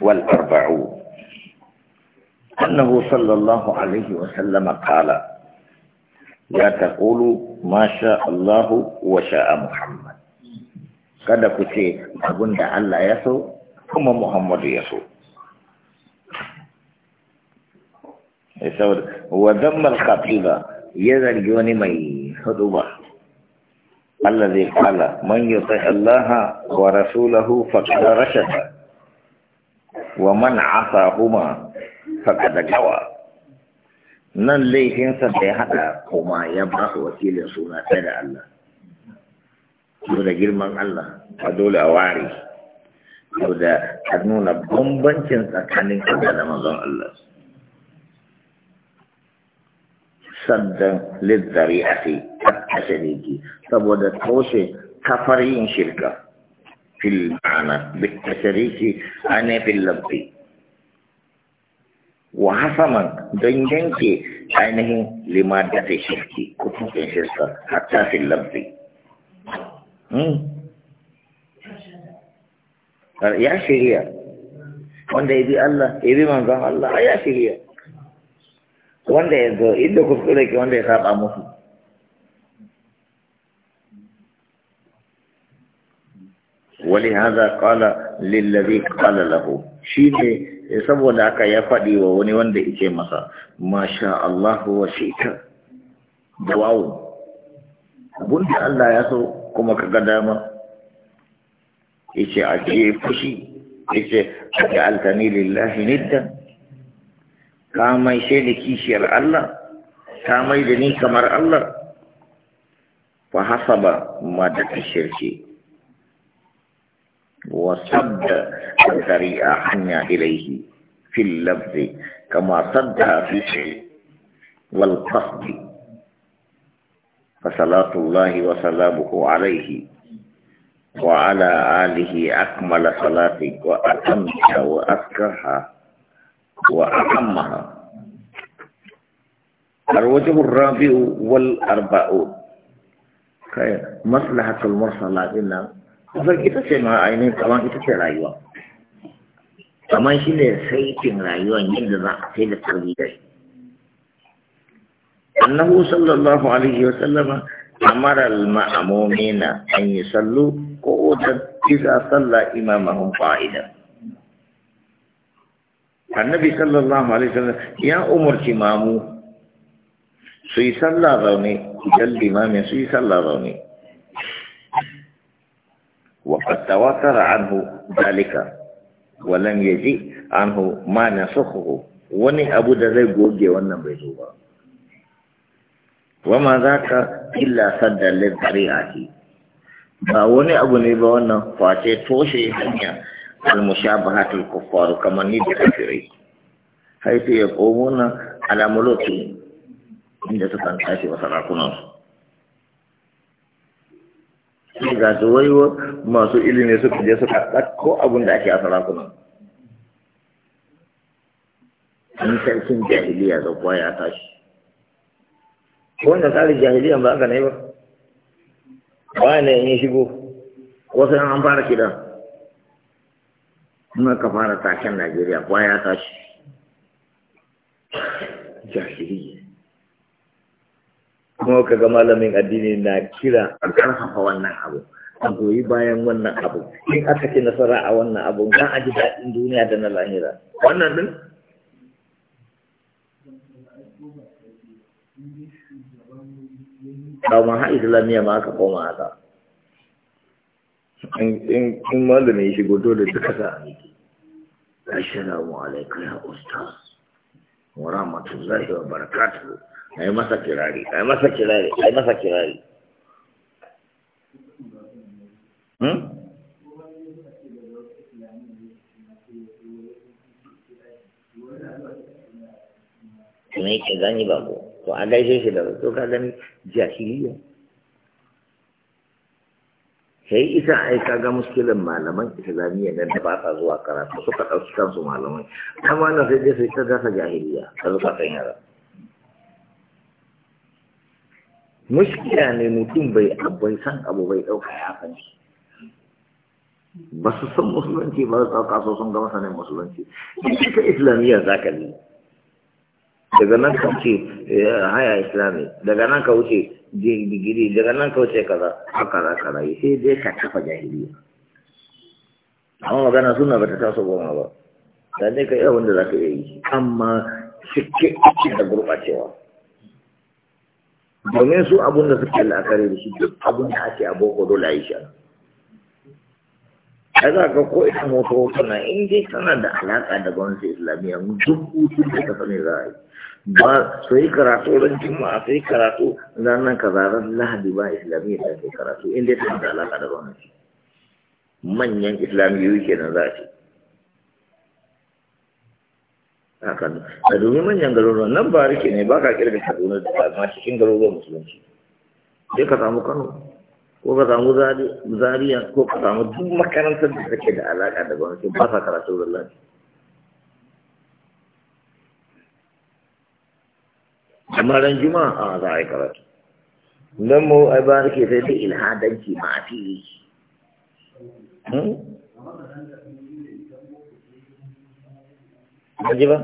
والأربعون أنه صلى الله عليه وسلم قال ما شاء الله وشاء محمد kada ku ce abin da Allah ya so kuma Muhammadu ya so. Wa zammar khatiba ya zargi wani mai hudu ba. الذي قال من يطع الله ورسوله فقد رشد ومن عصاهما فقد غوى nan laifinsa da ya haɗa kuma ya ba su wakilin suna ɗaya da Allah yau da girman Allah a dole a ware yau da a nuna bambancin tsakanin Allah da manzon Allah سد للذريعتي التشريكي طب وده توشي كفرين شركة في المعنى بالتشريكي أنا في اللبي وحسما دنجنكي أنه لمادة شركي كتنك شركة حتى في اللبي يا شريع وانده يبي الله يبي من قال الله يا شريع wanda ya zo inda kuskure ke wanda ya saba musu ولهذا قال للذي قال له شيء saboda aka ya faɗi wa wani wanda yake masa masha Allah wa shika duwawu abun da Allah ya so kuma ka dama yace a ce fushi yace ka altani lillahi niddan ka mai da kishiyar Allah Ka mai da ni kamar Allah fa hasaba kishiyar shirki wa sabda a hanya ilaihi fil lafzi kama sadda fi shi wal qasdi fa wa salamuhu alaihi wa ala alihi akmala salati wa atamta wa askaha وأعمها الوجه الرابع والأربعون خير مصلحة المرسلات إنها kusan ita ce ma ainihin kamar ita ce rayuwa kamar shi ne saitin rayuwan yadda za a sai da tarbiyyar annahu sallallahu alaihi wa sallama amara al-ma'amumina an yi sallu ko otar iza salla imamahum fa'ida annabi sallallahu alaihi wasallam ya umarci mamu su yi sallah zaune idan limamin su yi sallah zaune وقد تواتر عنه ذلك ولم يجي عنه ما نسخه وني أبو ذي جوجي ونبيزوها وما ذاك إلا صد للطريعة ba wani abu ne ba wannan face toshe hanya almushabahatul kuffar kama ni da kafiri ya fi yaquna ala mulki inda suka tashi wa sarakuna ga zuwaiwa masu ilimi suka je suka ɗakko abin da ake a sarakuna in cin jahiliya da kuwa ya tashi wanda tsarin jahiliya ba aka na yi ba ba ne in yi shigo wasu yan an fara kidan in ka fara taken najeriya kwa ya tashi jahili kuma ka ga malamin addini na kira a karfafa wannan abu a goyi bayan wannan abu in aka ci nasara a wannan abu za a ji daɗin duniya da na lahira wannan din ba ma ha islamiyya ma aka koma haka in malami ya shigo dole duka sa a miki assalamu alaikum ya ustaz wa rahmatullahi wa barakatu. barakatuhu ai masa kirari ai masa kirari ai masa kirari hmm me yake gani ba ko to a gaishe shi da to ka gani jahiliya sai ita ai kaga muskilin malaman islamiyya nan da ba ta zuwa karatu suka ɗauki kansu malamai amma na sai dai sai ta dasa jahiliya ta zuka kan yara muskila ne mutum bai bai san abu bai ɗauka ya kan shi ba su san musulunci ba su ɗauka so sun ga masanin musulunci ita islamiyya za ka daga nan ka wuce eh, haya islami daga nan ka wuce digiri daga nan ka wuce kaza haka za ka rayu sai dai ka kafa jahiliya amma magana suna ba ta taso goma ba da dai ka iya wanda za ka iya yi amma cike ake da gurɓacewa domin su abun da suke la'akari da shi duk abun da ake a boko dole a yi shi a za ka ko ina moto Kana in dai tana da alaƙa da gwamnati islamiyya duk hutun da ka sani za a yi ba su yi karatu ran juma'a su yi karatu ranar kazarar lahadi ba islamiyya ta ke karatu in dai tana da alaƙa da gwamnati manyan islamiyyoyi ke nan za a ce hakan da domin manyan garuruwan nan ba rike ne ba ka kirga kaduna da ma cikin garuruwan musulunci sai ka samu kano ko ka samu zariya ko ka samu duk makarantar da take da alaƙa da gwamnati ba sa karatu da lafi amma ran juma'a a za a yi karatu don mu ai ba ke sai da ilhadanci ma a fili hmm? ji ba?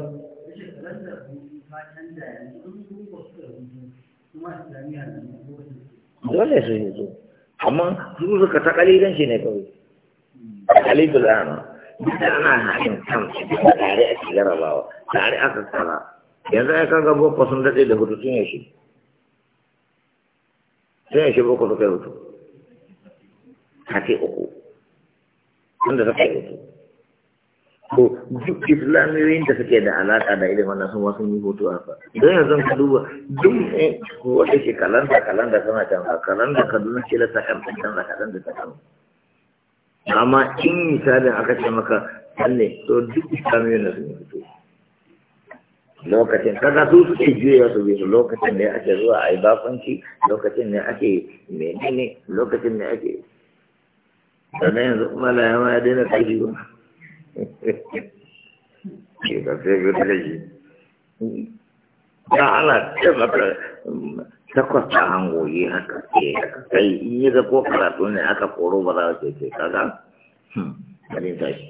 dole su yi zuwa amma su suka ta kalilan shi ne kawai da ana duk ana haɗin kan tare a ci jarabawa tare aka tsara yanzu ya kaga boko sun daɗe da hutu sun yashi sun yashi boko suka yi hudu ta ce uku tun da suka yi hudu ko duk islamiyoyin da suke da alaƙa da ilimin nan sun wasu yi hoto haka. don yanzu ka duba duk eh, wanda ke kalanda kalanda tana canza kalanda kaduna ce da ta kanta canza kalanda ta kanta amma in misalin aka ce maka sanne to duk islamiyoyin da sun yi hoto lokacin kaga su suke juya su bisu lokacin ne ake zuwa a yi bakunci lokacin ne ake menene lokacin ne ake sannan yanzu kuma la ya ya daina kai ba ke da sai gudu da shi ya ana tabbata mm, takwas ta hangoyi haka ke haka kai in ko karatu ne aka koro ba za su ce kaga garin hmm, tashi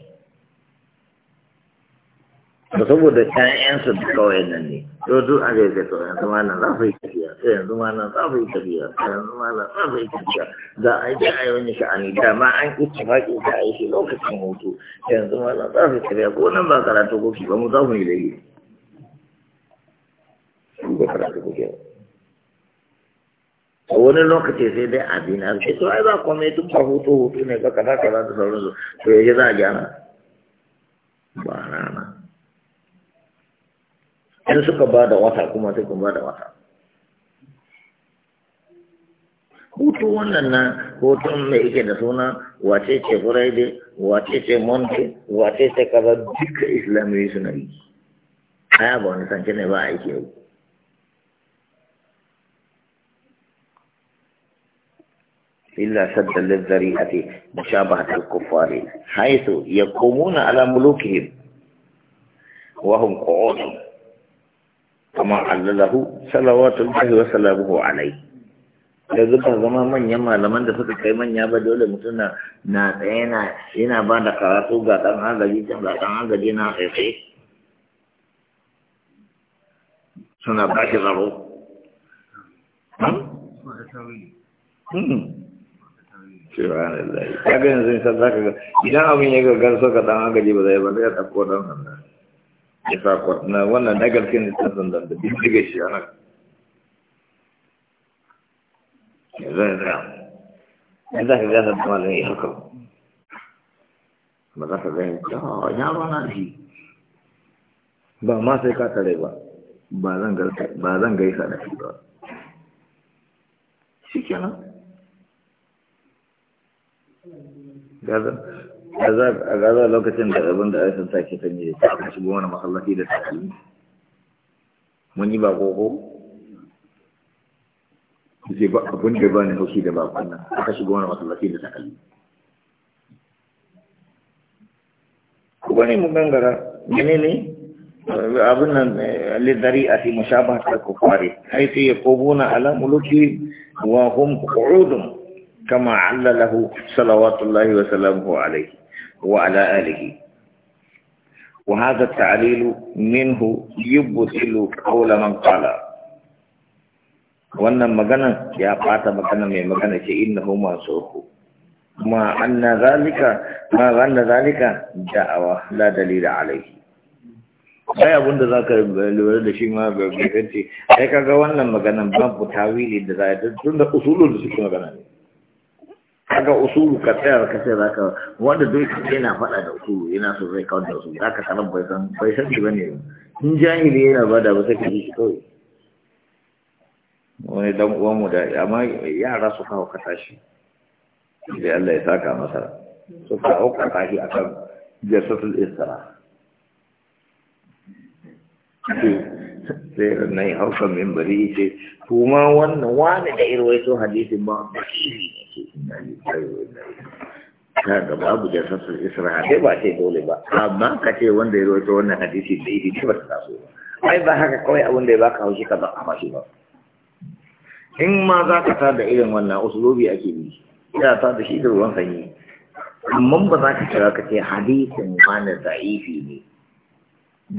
da saboda ƴaƴansu da kawai nan ne to a yi ta yanzu ma nan za su tafiya ta yanzu ma nan za su tafiya Da a yi a yi wani sha'ani da ma an yi tafaƙi ta a yi shi lokacin hutu yanzu ma nan za su tafiya ko nan ba karatu ko ki ba mu za mu yi da ba karatu ko a wani lokaci sai dai abin a ce to ai ba kome duk ba hutu hutu ne ba kada-kada da su, to yaje za a gyara ba rana in suka ba da wata kuma sai kun ba da wata hutu wannan na hoton mai yake da suna wace ce friday wace ce monte wace ce kaza duka islamiyoyi suna yi aya ba wani sanke ne ba aiki yau illa a yake yau إلا سد للذريعة مشابهة الكفار ya يقومون على ملوكهم وهم قعود كما allalahu صلوات الله وسلامه alaihi yanzu ba zama manyan malaman da suka kai manya ba dole mutum na na tsaye na yana ba da karatu ga dan hagari can ga dan hagari na tsaye suna ba shi tsaro hmm? Hmm. kaga yanzu in san ka ga idan abin ya gagar so ka dan hagari ba zai ba zai ɗauko dan nan ya sa na wannan dagarkin ne san da bindiga shi ana zai ka haka ba ka ya ba ma sai ka tare ba ba zan gaisa da shi ba shi kenan a gaza lokacin da abin da aisan take kan yi ta shigo wani masallaci da tafi mun yi ba koko yace ba abin da bani haushi da baban nan aka shiga wani masallaci da takalmi ku bane mu gangara menene abin nan lidari a fi mushabahat al-kufari haythu yaqubuna ala muluki wa hum qu'udun كما علله صلوات الله وسلامه عليه وعلى آله وهذا التعليل منه يبطل قول من قال wannan magana ya fata magana mai magana ce innahu mansuhu ma anna zalika ma anna zalika da'awa la dalila alaihi sai abinda za ka lura da shi ma ga gaganci sai kaga wannan maganan babu tawili da zai da tunda da usulun da suke magana ne kaga usulu ka tsaya ka sai zaka wanda duk yana faɗa da usulu yana so zai kawo da usulu zaka sanar bai san bai san shi bane in jahili yana bada ba sai ka ji shi kawai wani dan mu da amma yara suka hauka tashi sai Allah ya saka masa suka hauka tashi akan jasatul isra sai nan ya hauka mimbari ce kuma wannan wani da irwaito hadisin ba shi ne ke ina ne ta ga babu jasatul isra dai ba ce dole ba amma ka ce wanda ya rawaito wannan hadisi da idi ba ta taso ba ai ba haka kawai abin da ya baka haushi ka ba a shi ba in ma za ka ta da irin wannan usulobi ake yi ya ta da shi da ruwan sanyi amma ba za ka kira ka ce hadisin wani za'ifi ne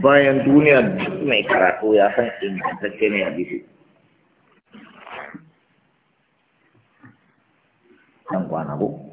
bayan duniya duk mai karatu ya san ingantacce ne hadisi kwana ko